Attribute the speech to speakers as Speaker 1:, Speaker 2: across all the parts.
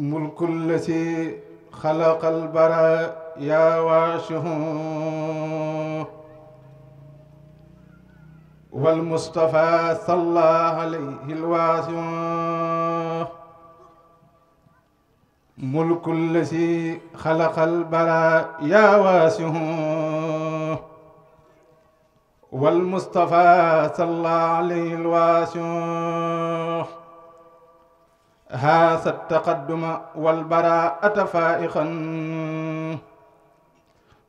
Speaker 1: ملك الذي خلق البرايا وعشه والمصطفى صلى عليه الواسع ملك الذي خلق البرايا واسع والمصطفى صلى عليه الواسع haasa taqadduma wal baraa'ata faa'iqan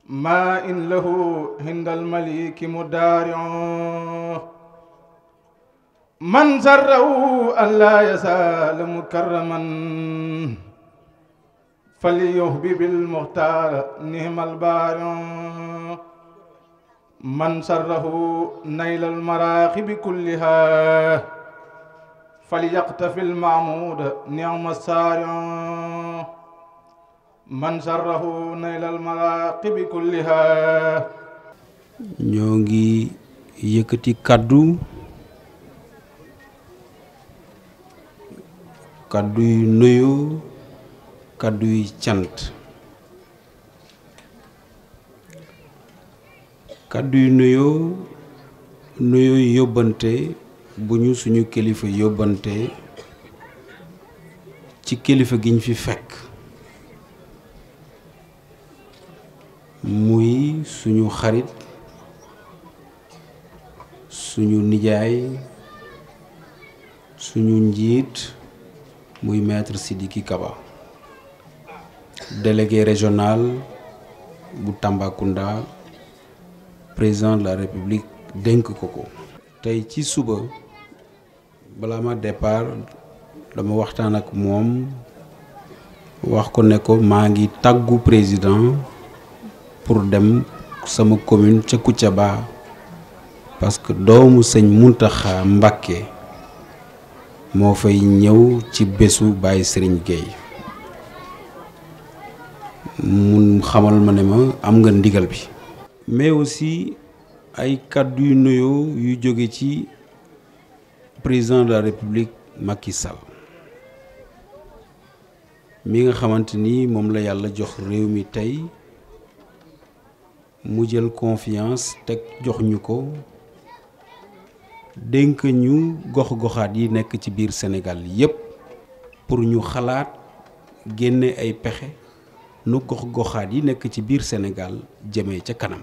Speaker 1: maa in lahu hindal maliki mudaari'u man sarrahu an laa yasaala mukarraman falyuhbi bil muxtaar nihmal baari'u man sarrahu naylal maraaqibi kullihaa فليقتفي المعمود نعم السارع من سره نيل المراقب كلها
Speaker 2: ñoo ngi yëkkati kàddu kàddu yu nuyu cant kàddu yu nuyu nuyu yóbbante bu ñu suñu kilifa yóbbante ci kilifa giñ fi fekk muy suñu xarit suñu nijaay suñu njiit muy maître Sidiki Kaba délégué régional bu Tambacounda président de la république dénk ko ko tey ci suba balaa ma départ dama waxtaan ak moom wax ko ne ko maa ngi tàggu président pour dem sama commune ca Kouthiaba parce que doomu sëñ Muntaxa Mbàkke moo fay ñëw ci bésu Baye Serigne Gueye mun xamal ma ne ma am nga ndigal bi mais aussi ay kàddu yu yu jóge ci président de la république Macky mi nga xamante ni moom la yàlla jox réew mi tey mu jël confiance teg jox ñu ko dénk ñu gox-goxaat yi nekk ci biir Sénégal yépp pour ñu xalaat génne ay pexe nu gox-goxaat yi nekk ci biir Sénégal jëmee ca kanam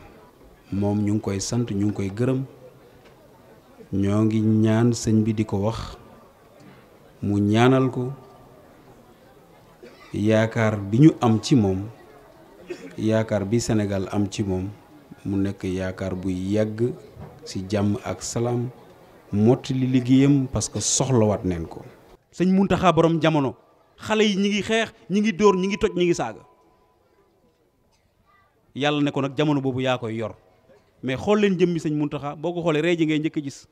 Speaker 2: moom ñu ngi koy sant ñu ngi koy gërëm ñoo ngi ñaan sëñ bi di ko wax mu ñaanal ko yaakaar bi ñu am ci moom yaakaar bi senegal am ci moom mu nekk yaakaar buy yàgg ci jàmm ak salaam mottali liggéeyam parce que soxlawaat neen ko. sëñ mun taxaa borom jamono xale yi ñi ngi xeex ñi ngi dóor ñi ngi toj ñi ngi saaga yàlla ne ko nag jamono boobu yaa koy yor mais xool leen jëmmi sëñ taxaa boo ko xoolee ree ji ngay njëkk a gis.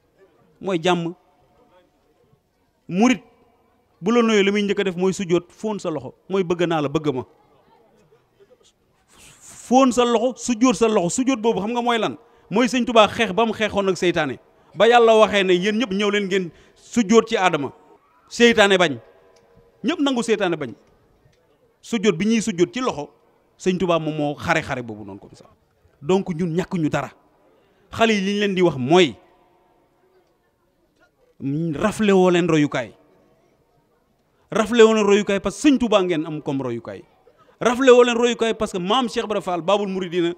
Speaker 2: mooy jàmm murit bu la noyee li muy njëkk def mooy sujjóot fóon sa loxo mooy bëgg naa la bëgg ma fóon sa loxo sujjóot sa loxo sujjóot boobu xam nga mooy lan mooy sëñ tubaa xeex ba mu xeexoon ak seytaane ba yàlla waxee ne yéen ñëpp ñëw leen ngeen sujjóot ci aadama seytaane bañ ñëpp nangu seytaane bañ sujjóot bi ñuy sujjóot ci loxo sëñ tubaa moom moo xare xare boobu noonu comme ça donc ñun ñàkk dara xale yi li ñu leen di wax mooy rafle woo leen royukaay rafle woo leen royukaay parce que sëñ Touba ngeen am comme royukaay rafle woo leen royukaay parce que maam Cheikh Ibra Fall Baabul Muridina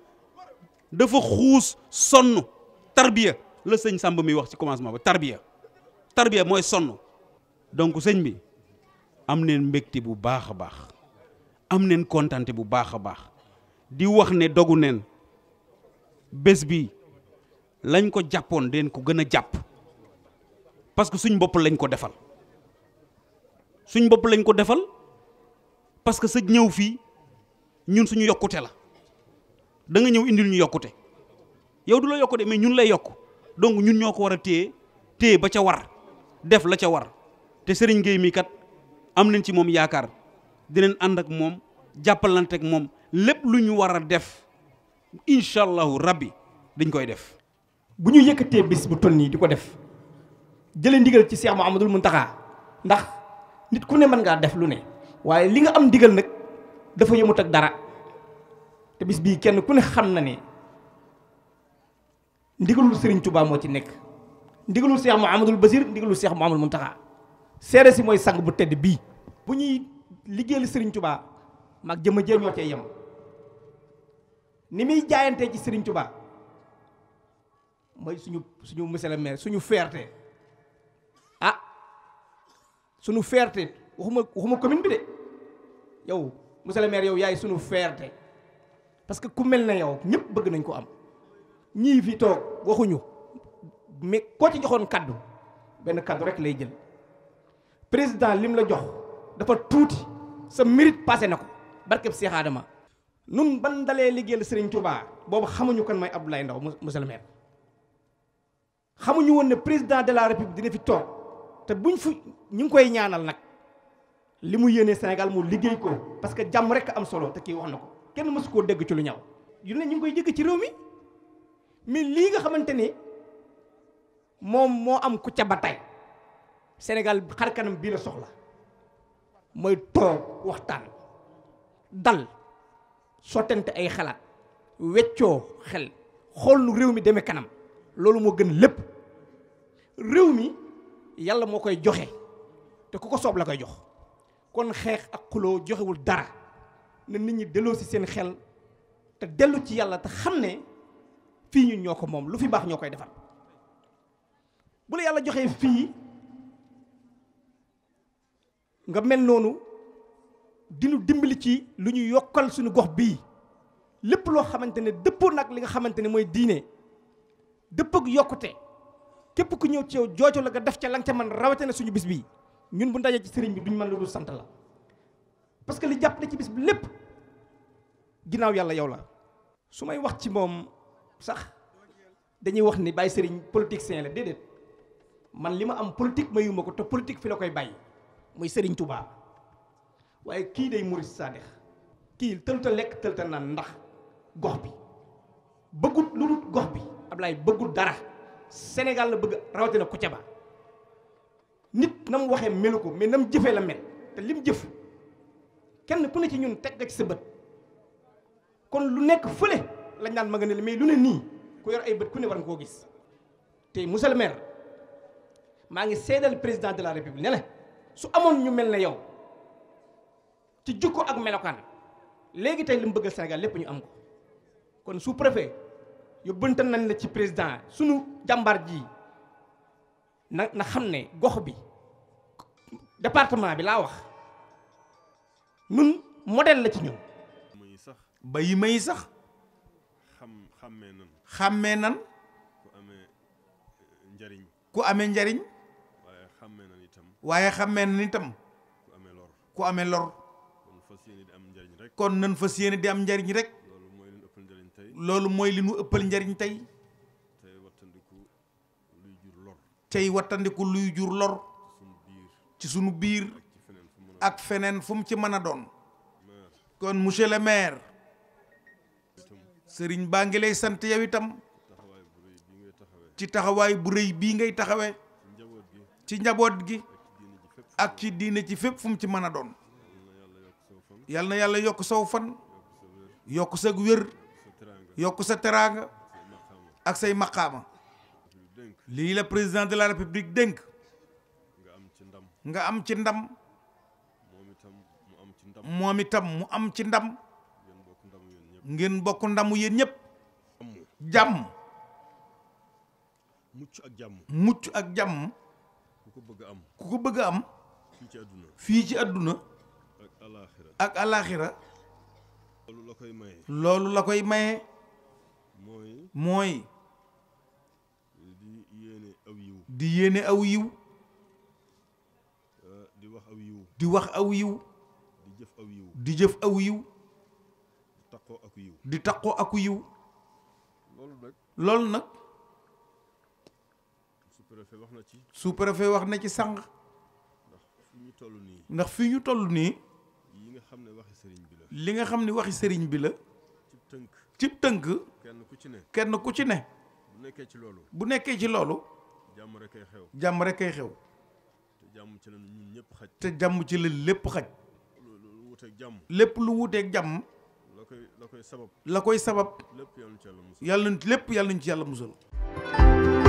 Speaker 2: dafa xuus sonn tarbiya la sëñ Samba mi wax ci commencement ba tarbiya tarbiya mooy sonn donc sëñ bi am neen mbégte bu baax a baax am neen kontante bu baax a baax di wax ne dogu neen bés bi lañ ko jàppoon den ko gën a jàpp parce que suñ bopp lañ ko defal suñ bopp lañ ko defal parce que sa ñëw fii ñun suñu yokkute la danga nga ñëw indil ñu yokkute yow du la yokkute mais ñun lay yokk donc ñun ñoo ko war a téye téye ba ca war def la ca war te Serigne Gueye am nañ ci moom yaakaar dinañ ànd ak moom jàppalante ak moom lépp lu ñu war a
Speaker 3: def incha allahu rabbi dañ koy def. bu ñu yëkkatee bis bu toll nii di ko def. jële ndigal ci Cheikh Mouhamadul Mountakha ndax nit ku ne mën ngaa def lu ne waaye li nga am ndigal nag dafa yëmut ak dara te bis bii kenn ku ne xam na ne ndigalul Serigne Touba moo ci nekk ndigalul Cheikh Mouhamadul Basir ndigalul Cheikh Mouhamadul Mountakha seere si mooy sang bu tedd bii bu ñuy liggéeyal Serigne Touba mag jëma jee ñoo cee yem ni muy jaayantee ci Serigne Touba mooy suñu suñu monsieur le suñu feerte sunu fierté waxuma waxuma commune bi de yow monsieur le yow yaay sunu fierté parce que ku mel na yow ñëpp bëgg nañ ko am ñii fi toog waxuñu mais koo ci joxoon kàddu benn kaddu rek lay jël président lim la jox dafa tuuti sa mérite passé na ko barkeb Cheikh Adama nun ban dalee liggéeyal Serigne Touba boobu xamuñu kan mooy lay Ndaw monsieur le maire xamuñu woon ne président de la république dina fi toog te buñ fu ñu ngi koy ñaanal nag li mu yéene senegal mu liggéey ko parce que jàmm rek am solo te kii wax na ko kenn mësu koo dégg ci lu ñaw yu ne ñu ngi koy dégg ci réew mi mais lii nga xamante ni moom moo am ku ca ba tey Sénégal xar kanam bii la soxla mooy toog waxtaan dal sottante ay xalaat weccoo xel xool nu réew mi demee kanam loolu moo gën lépp réew mi. yàlla moo koy joxe te ku ko soob la koy jox kon xeex ak xuloo joxewul dara na nit ñi delloo si seen xel te dellu ci yàlla te xam ne fii ñun ñoo ko moom lu fi baax ñoo koy defar bu la yàlla joxee fii nga mel noonu dinu dimbali ci lu ñu yokkal suñu gox bii lépp loo xamante ne dëppoo nag li nga xamante ne mooy diine dëpp yokkute képp ku ñëw ci yow jooju la nga def ca la nga ca man rawatina suñu bis bii ñun bu ndajee ci sëriñ bi duñ mën lu dul sant la parce que li jàpp na ci bis bi lépp ginnaaw yàlla yow la su may wax ci moom sax dañuy wax ni bàyyi sëriñ politicien la déedéet man li ma am politique mayuma ko te politique fi la koy bàyyi muy sëriñ Touba waaye kii day murid saadix kii tëlta lekk tëlta naan ndax gox bi bëggut lu dul gox bi Ablaye bëggut dara Sénégal la bëgg rawatina Koutiaba nit na mu waxee melu ko mais na mu jëfee la mel te li lim jëf kenn ku ne ci ñun teg nga ci sa bët kon lu nekk fële lañ naan magane nga ne mais lu ne nii ku yor ay bët ku ne war nga koo gis te monsieur le maa ngi seedal président de la république ne la su amoon ñu mel ne yow ci jukko ak melokaan léegi tey li mu bëggal Sénégal lépp ñu am ko kon sous-préfet yóbbante nañ la ci président sunu jàmbaar ji na na xam ne gox bi département bi laa wax nun modèle la ci ñun. ba yi may sax.
Speaker 4: xam xàmmee nan. xàmmee nan. ku amee eh, njariñ. ku amee njariñ. waaye xàmmee nan itam. waaye xàmmee nan itam. ku amee lor. amee lor. kon fas yéene di rek. kon nan fas yéene di am njariñ rek. loolu mooy li nu ëppal njariñ tey tey wattandiku luy jur lor wattandiku luy jur lor ci sunu biir ak feneen fu mu ci mën a doon kon monsieur le maire sëriñ baa ngi lay sant yow itam ci taxawaay bu rëy bii ngay taxawee ci njaboot gi ak ci diine ci fépp fu mu ci mën a doon yal na yàlla yokk saw fan yokk sag wér yokk sa teraanga ak say maqaama lii la président de la république dénk nga am ci ndam nga am ci ndam moom itam mu am ci ndam ngeen bokk ndamu yéen ñëpp jàmm mucc ak jàmm mucc ak jàmm ku ko bëgg am ku ko bëgg am fii ci àdduna fii ci àdduna ak alaaxira ak alaaxira loolu la koy maye loolu la koy maye mooy di yéene aw yiw di yéene aw yiw di wax aw yiw di wax aw yiw di jëf aw yiw di jëf aw yiw di taqoo ak yiw di taqoo ak yiw loolu nag loolu nag sous wax na ci sous-préfet wax na ci sànq ndax fi ñu toll nii ndax fi ñu toll nii
Speaker 1: li nga xam ne waxi sëriñ bi la
Speaker 4: li nga xam ne waxi sëriñ bi la tënk cib tënk. kenn ku ci ne. kenn ku ci ne. bu nekkee ci loolu. bu nekkee ci loolu. jàmm rek ay xew. jàmm rek ay xew. te jàmm ci la ñun ñëpp xaj. te jàmm ci la lépp xaj. lu wuuteeg jàmm. lépp lu wuuteeg jàmm. la koy la koy sabab. la koy sabab. lépp yàlla nañu ci yàlla musal. yàlla lépp yàlla nañu ci yàlla musal.